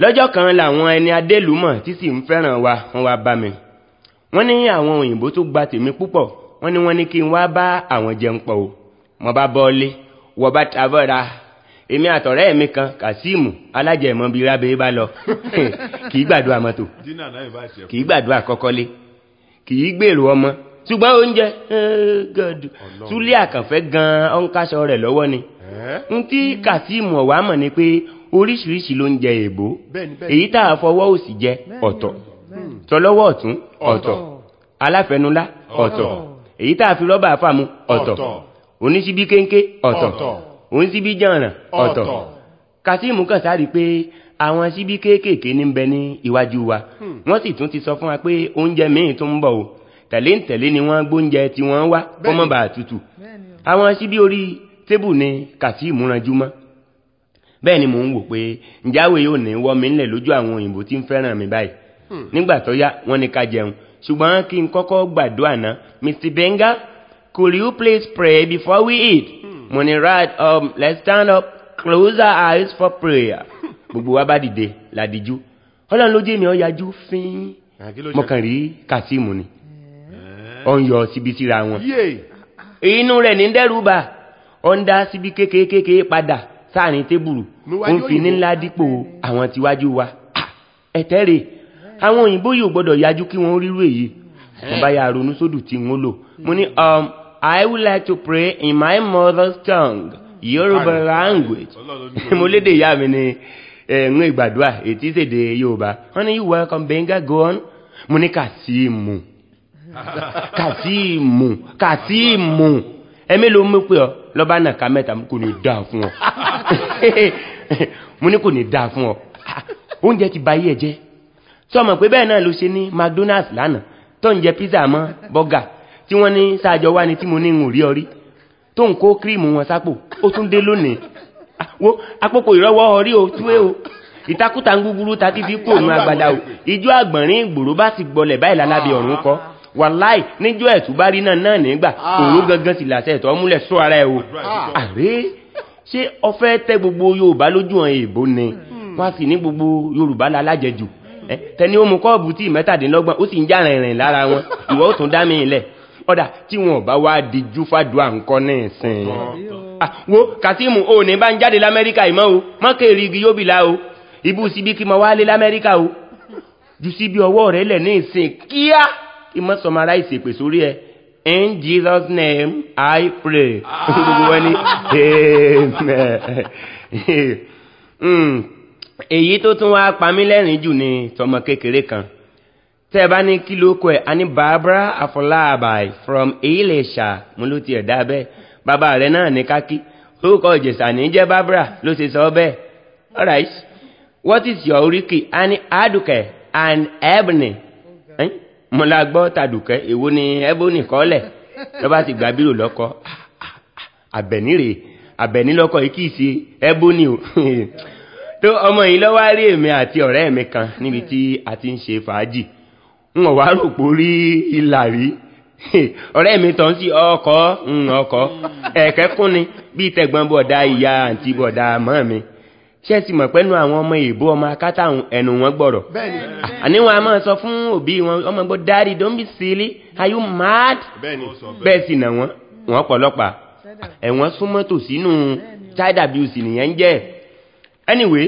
lọ́jọ́ kan làwọn ẹni adélùmọ̀ tí sì ń fẹ́ràn wa wọ́n wá bá mi wọ́n ní àwọn òyìnbó tó gba tèmi púpọ̀ wọ́n ní wọ́n ní kí n wá bá àwọn jẹun pọ̀ o mo bá bọ́ọ̀lé wọ́n bá tàbọ̀ra èmi àtọ̀rẹ́ mi kan Kazeem alájẹmọ́ bíi rábẹ́ bá lọ kì í gbàdúrà mọ́tò kì í gbàdúrà kọ́kọ́lé kì í gbèrò ọmọ ṣùgbọ́n oúnjẹ eh, gọ̀dù Àkànfẹ́ gan-an ọ̀nkáṣọ rẹ̀ lọ́wọ́ ni n tí Kazeem ọ̀wá mọ̀ ni pé oríṣiríṣi ló ń jẹ èbó èyí tá a fọwọ́ òsì jẹ ọ̀tọ̀ tọlọ́wọ́ ọ̀tún ọ̀tọ̀ aláfẹnulá ọ̀tọ̀ èyí tá a fi rọ́bà fàmú ọ̀tọ̀ oníṣíbí kéńké ọ̀tọ̀ oníṣíbí jànràn ọ̀tọ̀ kasimu kàn sáré pé àwọn síbí kéékèèké ní bẹ ní iwájú wa hmm. wọ́n sì tún ti sọ fún wa pé oúnjẹ míì tún ń bọ̀ o tẹ̀léǹtẹ̀lé ni wọ́n gbóúnjẹ tí wọ́n wá kọ́mọ́bà tútù àwọn síbí orí tébù ni kasimu ranjú mọ́ bẹ́ẹ̀ ni mò ń wò pé ǹjáwé yóò ní wọ́ mi ńlẹ̀ lójú àwọn òyìnbó tí ń fẹ́ràn mi báyìí hmm. nígbà tó yá wọ́n ní ká jẹun ṣùgbọ́n kí n kọ́kọ́ gbàdúrà ná Mr. Benga could you please pray before we eat hmm. mo ní right um, let's stand up close our eyes for prayer gbogbo wa bá dìde làdìjú ọlọ́run ló jẹ́ mi ọ̀yájú fín mo kàn rí Kasimu ni ó ń yọ síbi síra wọn inú rẹ̀ ní dẹ́rù bà ó ń dá síbi kékeré padà sáàrin tébùrù ó fi ní dípò àwọn tíwájú wa ah, ẹ̀tẹ́ àwọn òyìnbó yìí gbọ́dọ̀ yájú kí wọ́n rírú èyí mo bá ya ronú sódù tí wọ́n lò mo ní um, I would like to pray in my mother's tongue Yorùbá language mo léde ìyá mi ní ẹ̀ẹ́n ìgbàdúrà ètí ìṣèdè Yorùbá wọ́n ní you welcome Benga go on mo ní Kàsíìmù Kàsíìmù Kàsíìmù ẹ̀mí ló mú pé ọ́ lọ́ba náà ka mẹ́ta kò ní dáa fún ọ mo ní kò ní dáa fún ọ oúnjẹ ti ba yí jẹ sọmọ pé bẹ́ẹ̀ náà ló ṣe ní McDonald's lánàá tó ń jẹ pizza mọ́ bọ́gà tí wọ́n ní sáàjọ wá ní tí mo ní ń rí ọrí tó ń kó kírìmù wọn sápò ó tún dé lónìí wo apòpò ìrọwọ́ ọrí o túwé o ìtakùtà ń gúgúrú ta fífi kú òun àgbàdà o ìjọ àgbọ̀nrín ìgboro bá sì gbọlẹ̀ báyìí lálábì ọ̀run kọ́ wàláì níjọ́ ẹ̀túbárí náà náà nígbà ah. òun gangan sì làṣẹ ẹ̀tọ́ múlẹ̀ sọ ara ẹ̀ o àrẹ ṣé ọfẹ́ tẹ gbogbo yorùbá lójú ọ̀hún èèbó ni hmm. wọ́n sì ní gbogbo yorùbá lálájẹjù tẹni ó mu kọ́ọ̀bù tí mẹ́tàdínlọ́gbọ̀n ó sì ń já rìnrìn lára wọn ìwọ ó tún dá mi ilẹ̀ ọ̀dà tí wọn bá wá di júfàdùà ńkọ́ náà sìn wo kàtíìmù o ní bá ń jáde lamẹ́ríkà ìmọ̀ o mọ́kèrè igi yóò bìlà o ibú síbi kí mo wá lé lamẹ́ríkà o jù síbi ọwọ́ rẹ̀ lẹ̀ ní ìsìn kíá kí mọ́ sọmara ìsèpè sórí ẹ in Jesus name I pray gbogbo wọn ni amen hmm. èyí tó tún wá pamí lẹ́rìn jù ni tọmọ kékeré kan tẹ́ ẹ bá ní kí ló kọ ẹ̀ a ní Barbara Afọláàbàì from Ilésà mo ló tiẹ̀ dá bẹ́ẹ̀ bàbá rẹ̀ náà ní kákí orúkọ ìjẹ̀sà ní jẹ́ Barbara ló ṣe sọ bẹ́ẹ̀ alright what is your oriki a ní Adùkẹ́ and Ebony mo la gbọ́ tàdùkẹ́ èwo ni ẹ́bónì kọ́lẹ̀ lọ́ba ti gba bírò lọ́kọ́ àbẹ̀ní rèé àbẹ̀ní lọ́kọ́ yìí kì í ṣe ẹ́bónì o tó ọmọ yìí lọ́wọ́ rí èmi àti ọ̀rẹ́ mi kan níbi tí a ti ń ṣe fàájì n ò wá rò pó rí ìlà rí ọ̀rẹ́ mi tán sí ọkọ̀ ọkọ̀ ẹ̀kẹ́kùn ni bíi tẹ̀gbọ́n bọ̀dá ìyá àǹtí bọ̀dá mọ́ mi ṣé ẹ sì mọ̀ pẹ́nu àwọn ọmọ èèbó ọmọ akátá ẹnu wọn gbọ̀rọ̀ ah, àníwọ̀n a máa sọ fún òbí wọn ọmọ gbọ́ dáàdi don't be silly are you mad bẹ́ẹ̀ sì nà wọ́n wọ́n pọ̀lọ́pàá ẹ̀wọ̀n súnmọ́ tòsínú child abuse nìyẹn ń jẹ́ anyway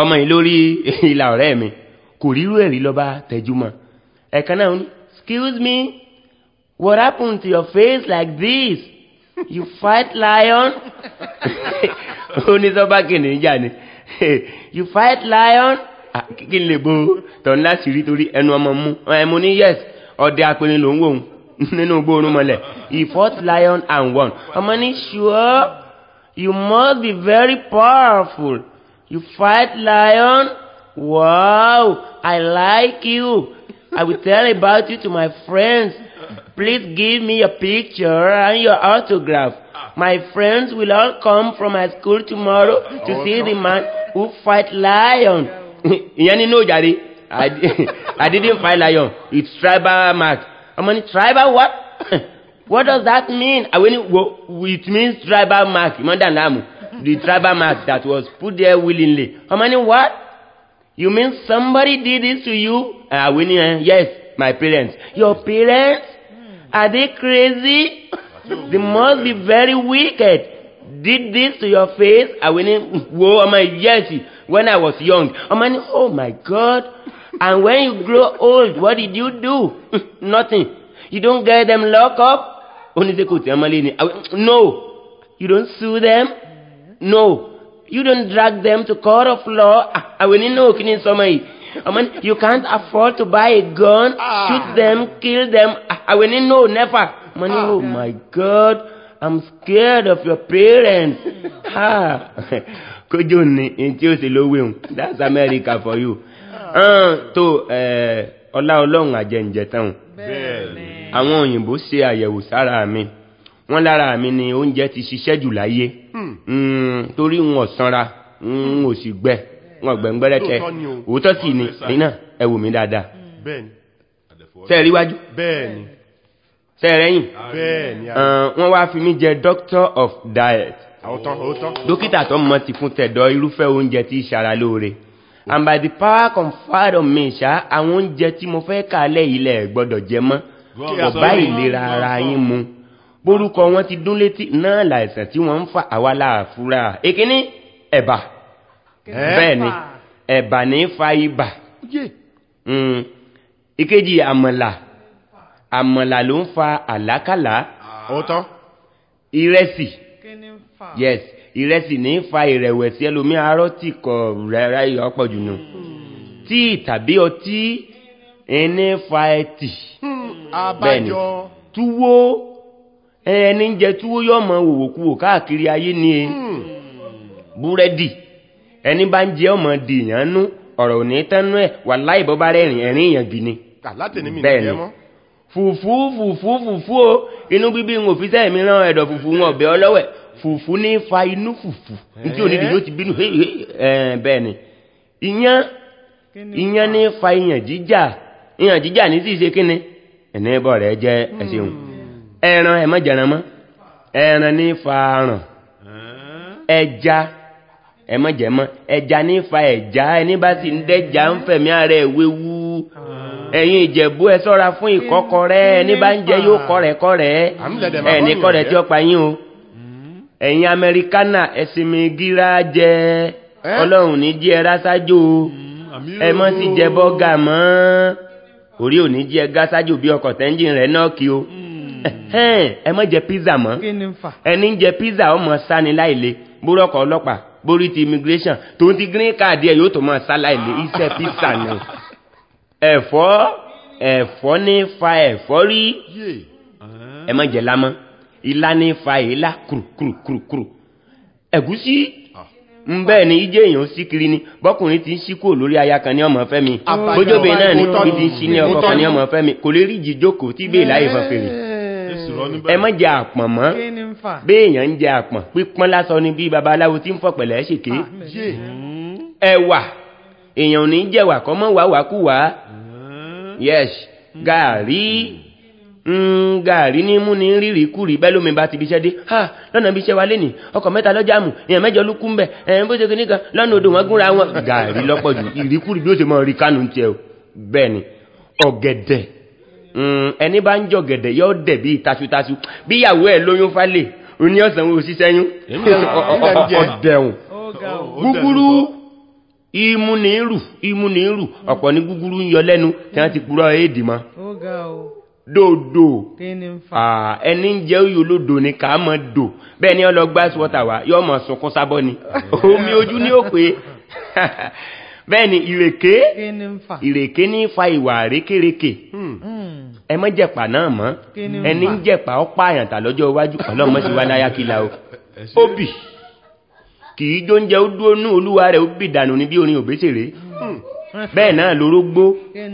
ọmọ yìí lórí ìlà ọ̀rẹ́ mi kò rírú ẹ̀rí lọ́ba tẹjúmọ́ ẹ̀kan náà ní excuse me what happened to your face like this you fight lion onítọ́ba kìnìún jà ni you fight lion ah, kí n lè bo tọ̀hún láti rí torí ẹnu ọmọ mú ẹmu eh, ní yes ọdẹ apẹni ló ń wò ó nínú gbóòórùn mọ́lẹ̀ he fought lion and won ọmọ ní sure you must be very powerful you fight lion wow i like you i will tell about you to my friends please give me your picture and your autograph my friends will all come from my school tomorrow to oh, see no. the man who fight lion. Ìyẹn nínú òjàre. I didn't fight lion. It's tribal mark. How many tribal what? What does that mean? I mean, it means tribal mark. Ìmọ̀ dàn The tribal mark that was put there willingly. How many what? You mean somebody did this to you? Àwọn ah, ní eh, yes, my parents. Your parents? Are they crazy? They must be very wicked. Did this to your face? I went in, whoa, my jersey. when I was young. I'm like, oh my God. And when you grow old, what did you do? Nothing. You don't get them locked up? No. You don't sue them? No. You don't drag them to court of law? Ah, I will know, can somebody? I mean, you can't afford to buy a gun, ah. shoot them, kill them. Ah, I will know, never. Money, ah. oh my God, I'm scared of your parents. Hmm. ha kójú ni tí ó sì lówé òun that's America for you. Ah. Ah, tó eh, ọlá ọlọ́run àjẹǹjẹ táwọn àwọn òyìnbó ṣe àyẹ̀wò sára mi wọ́n lára mi ni oúnjẹ ti ṣiṣẹ́ jù láyé hmm. Hmm, torí wọn sanra n ò sì gbẹ wọn gbẹngbẹrẹkẹ òótọ́ sì ni nínà ẹ wò mí dáadáa tẹ́ ẹ ríwájú. bẹ́ẹ̀ ni sẹ́rẹ̀yìn wọ́n wá fi mí jẹ doctor of diet dókítà tó mọ̀ ti fún tẹ̀dọ̀ irúfẹ́ oúnjẹ tí ìṣara lóore and by the power conferred on me ṣá àwọn oúnjẹ tí mo fẹ́ kàálẹ̀ ilẹ̀ gbọ́dọ̀ jẹ mọ́ ọ̀bá ìlera ara yín mu borúkọ wọn ti dún létí náà láìsàn tí wọ́n ń fa àwa láàfúrà èkíní ẹ̀bà bẹ́ẹ̀ ni ẹ̀bà ní fa ibà hmm. ìkejì àmàlà àmàlà ló ń fa àlákàlà ọ̀tọ̀ ah. ìrẹsì yes ìrẹsì ní fa ìrẹ̀wẹ̀sì ẹlòmí arọ́ tì kọ̀ rẹ̀rẹ̀ yọ pọ̀ jù nù hmm. tíì tàbí ọtí ẹni fa ẹtì hmm. bẹ́ẹ̀ni túwó ẹni ń jẹ túwó yọ mọ òwòkúwò káàkiri ayé ni e búrẹ́dì ẹni bá ń jẹ ọmọ dìyàn nú ọ̀rọ̀ ò ní tẹ́nu ẹ̀ wà láì bọ́ bá rẹ̀rìn ẹ̀rín ìyàn bì ni bẹ́ẹ̀ni fùfú fùfú fùfú o inú bíbí ń òfin sẹ́yìn mi rán ẹ̀dọ̀ fùfú wọn ọ̀bẹ ọlọ́wẹ̀ fùfú ní fa inú fùfú nítorí onídìí yóò ti bínú bẹ́ẹ̀ ni ìyẹn ìyẹn ní fa ìyàn jíjà ìyàn jíjà ní sì ṣe kíni ẹ̀ní bọ̀ rẹ̀ jẹ́ ẹ̀ṣẹ̀ hmm. ẹran ẹ̀ má mọ́ ẹran ní fa aràn ẹja ẹja ní fa ẹni bá sì ń ara ẹ̀ ẹ̀yin ìjẹ̀bú ẹ sọ́ra fún ìkọ́kọrẹ́ ní bá ń jẹ yóò kọ́rẹ̀kọ́rẹ̀ ẹ̀ní kọ́rẹ̀ tí ó pa yín o hmm. ẹ̀yin amẹ́ríkánà ẹ̀sìnmi gíra jẹ ọlọ́run ní jí ẹ rásájú hmm, ẹ mọ́ sí jẹ bọ́gà mọ́ orí òní jí ẹ gásájú bí ọkọ̀ tẹ́ńjìn rẹ̀ náà kí o hmm. ẹ mọ́ jẹ pizza mọ́ ẹni ń jẹ pizza ọmọ sani láìle búrọ́kọ̀ ọlọ́pàá borí ti immigration tòun ti green card ẹ yóò tó mọ́ sá láìle iṣẹ́ pizza ni. ẹ̀fọ́ ẹ̀fọ́ ní fa ẹ̀fọ́ rí ẹ má jẹ lámọ́ ilá ní fa ìlà kùrùkùrùkùrù ẹ̀gúsí ah. ni ije èèyàn sí kiri ni ti ń sí kúrò lórí aya kan ní ọmọ fẹ́ mi bójóbe náà ti ń sí ọkọ kan ní ọmọ fẹ́ mi kò lè rí ìjì tí bẹ́ẹ̀ láyé fọ́ fèrè ẹ má jẹ ń ni bí babaláwo ti ń ṣèké èèyàn ò ní jẹ̀wà kọ́ mọ́ wà hmm. yes gàrí hmm, gàrí ní mú ní rírì kúrì bẹ́ẹ̀ lómi bá ti bí iṣẹ́ dé ha lọ́nà bí iṣẹ́ wa lénìí ọkọ̀ mẹ́ta lọ́jà mù èèyàn mẹ́jọ ló kú ń bẹ̀ ẹ̀yìn bó ṣe kí nìkan lọ́nà odò wọn gúnra wọn gàrí lọ́pọ̀ jù ìríkúrì bí ó ṣe mọ rí kánú tiẹ̀ o bẹ́ẹ̀ ni ọ̀gẹ̀dẹ̀ hmm, ẹni bá ń jọ gẹ̀dẹ̀ yọ dẹ̀ bí tasutasu bí ẹ̀ lóyún fálè oní ọ̀sán wo ṣiṣẹ́ yún ọ̀dẹ̀hùn imu ní rù imu ní rù ọ̀pọ̀ ní gúgúrú ń yọ lẹ́nu tí wọ́n ti kúrò èdè mọ́ dòdò ẹni ń jẹ́ òyò lódò ní ká mọ́ dò ni ọlọ gbá wá mọ̀ sunkún sábọ́ ni omi ojú ní ni ìrèké ìrèké ní fa ìwà hmm. Hmm. ẹ mọ́ jẹ̀pà náà mọ́ ẹni ń jẹ̀pà lọ́jọ́ iwájú kì í jóúnjẹ ó dúró ní olúwa rẹ̀ ó bì dànù ní bí orin òbésèré hmm. hmm. bẹ́ẹ̀ náà lórógbó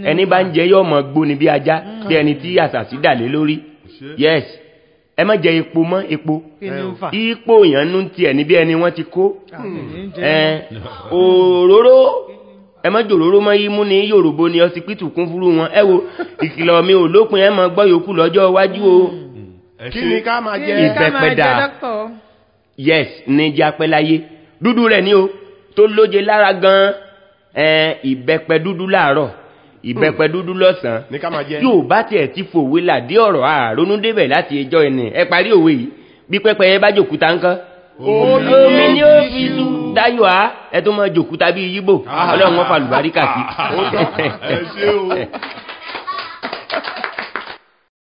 ẹni bá ń jẹ yọ ọmọ gbó ni bí ajá hmm. bí ẹni tí àṣàṣì dà lórí yes ẹ má jẹ epo mọ́ epo ipò èèyàn nú tiẹ̀ ní bí ẹni wọ́n ti kó òróró ẹ má jòróró mọ́ yí mú ní ni ọsibítù kún fúru wọn ẹ wo ìkìlọ̀ mi ò lópin ẹ mọ gbọ́ yòókù lọ́jọ́ iwájú o kí ni ká máa jẹ ìbẹ̀pẹ̀dà yes ní jápẹ́ dúdú rẹ̀ ni o tó lóje lára gan ìbẹ́pẹ dúdú láàárọ̀ ìbẹ́pẹ hmm. dúdú lọ́sàn-án yóò bá tiẹ̀ ti fòwe làdí ọ̀rọ̀ àrònú débẹ̀ láti ẹjọ́ ẹni ẹ parí òwe yìí bí pẹ́pẹ́ yẹn bá jòkúta ńkọ́ omi ni ó fi lu dayo a ẹ tó máa jòkúta bíi yíbò ah. ọlọ́run wọn fa lùbáríkà sí.